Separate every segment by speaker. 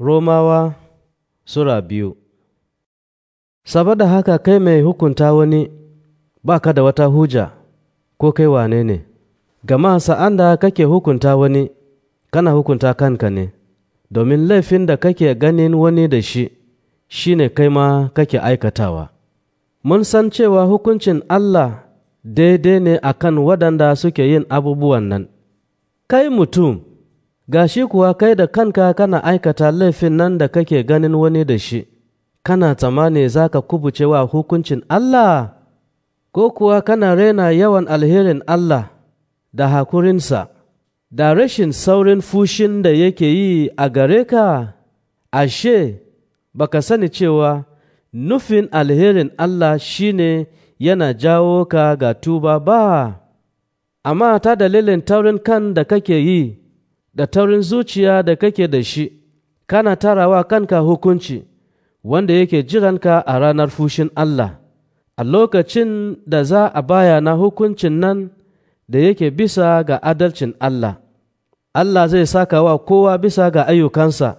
Speaker 1: Romawa Sura biyu Saboda haka kai mai hukunta wani ba ka da wata hujja ko kai wane ne, gama sa'an da kake hukunta wani kana hukunta kanka ne, domin laifin da kake ganin wani da shi shi ne kai ma kake aikatawa. Mun san cewa hukuncin Allah daidai ne akan waɗanda suke yin abubuwan nan. Kai mutum. gashi kuwa kai da kanka kana aikata laifin nan da kake ganin wani da shi, kana tsammani za ka kubucewa hukuncin Allah, ko kuwa kana rena yawan alherin Allah da hakurinsa, da rashin saurin fushin da yake yi a gare ka, ashe, baka sani cewa nufin alherin Allah shine yana jawo ka ga tuba ba, amma ta dalilin taurin kan da kake yi. da taurin zuciya da kake da shi, kana tarawa kanka hukunci wanda yake jiranka a ranar fushin Allah, a lokacin da za a bayana hukuncin nan da yake bisa ga adalcin Allah. Allah zai saka wa kowa bisa ga ayyukansa,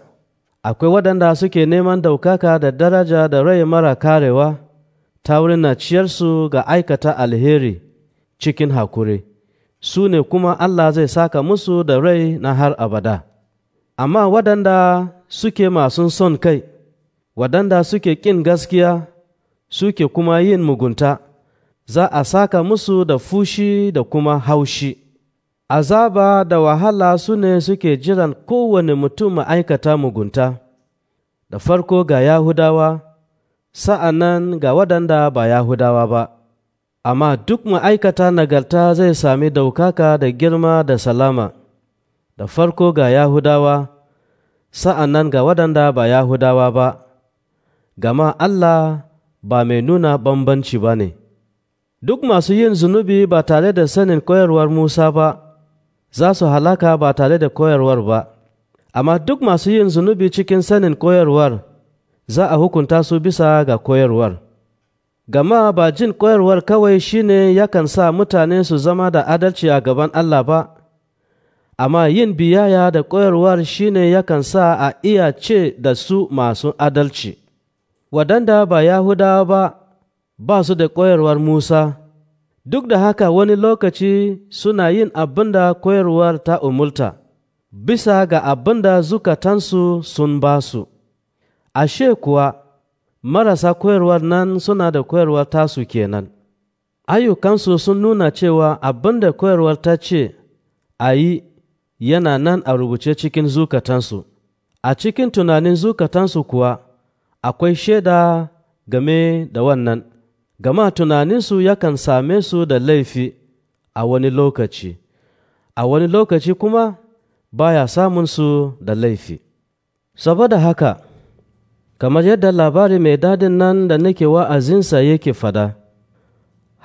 Speaker 1: akwai waɗanda suke neman daukaka da daraja da rai mara karewa ta wurin naciyarsu ga aikata alheri cikin hakuri. su ne kuma Allah zai saka musu da rai na har abada. Amma waɗanda suke masu son kai, waɗanda suke ƙin gaskiya, suke kuma yin mugunta, za a saka musu da fushi da kuma haushi. Azaba da wahala su ne suke jiran kowane mutum aikata mugunta, da farko ga Yahudawa, sa'an nan ga waɗanda ba Yahudawa ba. amma duk ma'aikata nagarta zai sami daukaka da girma da salama, da farko ga Yahudawa, sa'an nan ga waɗanda ba Yahudawa ba, gama Allah ba mai nuna bambanci ba ne. Duk masu yin zunubi ba tare da sanin koyarwar Musa ba, za su halaka ba tare da koyarwar ba, amma duk masu yin zunubi cikin sanin koyarwar, za a hukunta su bisa ga koyarwar. gama ba jin koyarwar kawai shine yakan sa mutane su zama da adalci a gaban Allah ba, amma yin biyaya da koyarwar shine yakan sa a iya ce da su masu adalci. wadanda ba Yahudawa ba, ba su da koyarwar Musa, duk da haka wani lokaci suna yin abin da koyarwar ta umulta, bisa ga abin da zukatansu sun ba su. Ashe kuwa, marasa koyarwar nan suna da koyarwar tasu kenan ayyukansu sun nuna cewa abin da koyarwar ta ce a yi yana nan a rubuce cikin zukatansu a cikin tunanin zukatansu kuwa akwai shaida game da wannan gama tunaninsu yakan same su da laifi a wani lokaci a wani lokaci kuma baya samun su da laifi saboda haka kamar yadda labari mai dadin nan da nake wa'azinsa yake fada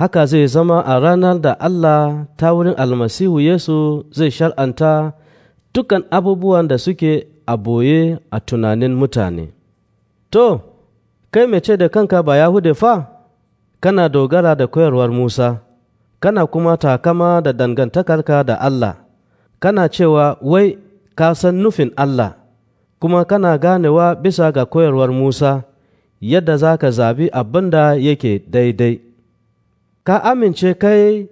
Speaker 1: haka zai zama a ranar da Allah ta wurin almasihu Yesu zai shar'anta dukan abubuwan da suke a boye a tunanin mutane. To, kai mece da kanka ba Yahude fa, kana dogara da koyarwar Musa, kana kuma takama da dangantakarka da Allah, kana cewa wai ka san nufin Allah. kuma kana ganewa bisa ga koyarwar Musa yadda za ka zabi abin da yake daidai. Ka amince kai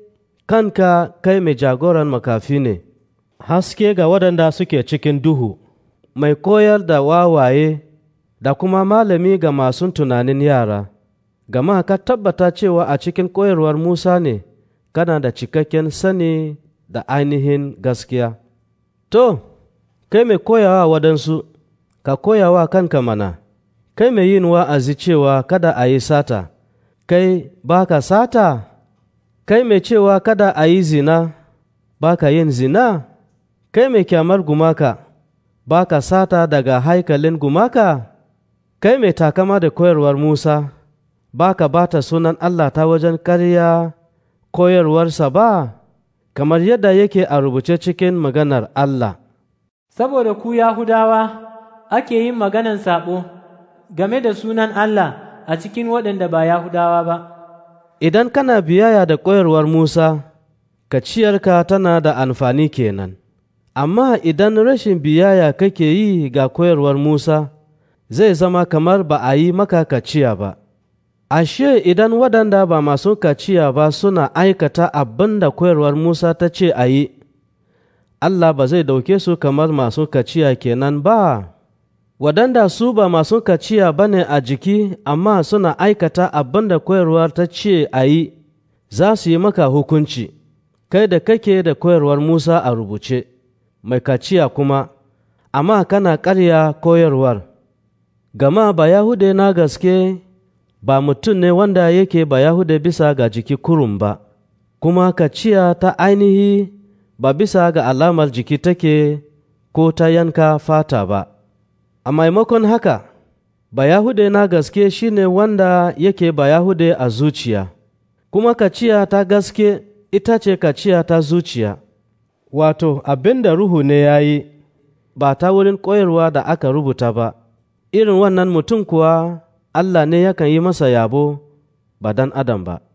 Speaker 1: kanka kai mai jagoran makafi ne, haske ga waɗanda suke cikin duhu, mai koyar da wawaye da kuma malami ga masu tunanin yara, gama ka tabbata cewa a cikin koyarwar Musa ne kana da cikakken sani da ainihin gaskiya. To, kai mai koyawa waɗansu. ka koya wa kanka mana, kai mai yin wa'azi cewa kada a yi sata, kai ba ka sata, kai mai cewa kada a yi zina, ba ka yin zina, kai mai kyamar gumaka, ba ka sata daga haikalin gumaka, kai mai takama da koyarwar Musa, ba ka bata sunan Allah ta wajen karya koyarwarsa ba, kamar yadda yake a rubuce cikin maganar Allah. Saboda ku Yahudawa, ake yin maganan saɓo game da sunan Allah a cikin waɗanda ba Yahudawa ba. Idan kana biyaya da koyarwar Musa, kaciyarka tana da amfani kenan, amma idan rashin biyaya kake yi ga koyarwar Musa, zai zama kamar ba a yi maka kaciya ba. Ashe idan waɗanda ba masu kaciya ba suna aikata abin da koyarwar Musa ta ce a yi, Allah ba zai ɗauke su kamar masu kaciya kenan ba. waɗanda su ba masu kaciya ba ne a jiki amma suna aikata abin da koyarwar ta ce a yi za su yi maka hukunci kai da kake da koyarwar musa a rubuce mai kaciya kuma amma kana karya koyarwar gama ba yahude na gaske ba mutum ne wanda yake ba yahude bisa ga jiki kurum ba kuma kaciya ta ainihi ba bisa ga alamar jiki take ko ta yanka fata ba A maimakon haka, Bayahude na gaske shine wanda yake Bayahude a zuciya, kuma kaciya ta gaske ita ce kaciya ta zuciya, wato abin da Ruhu ne ya yi ba ta wurin koyarwa da aka rubuta ba, irin wannan mutum kuwa Allah ne yakan yi masa yabo ba dan Adam ba.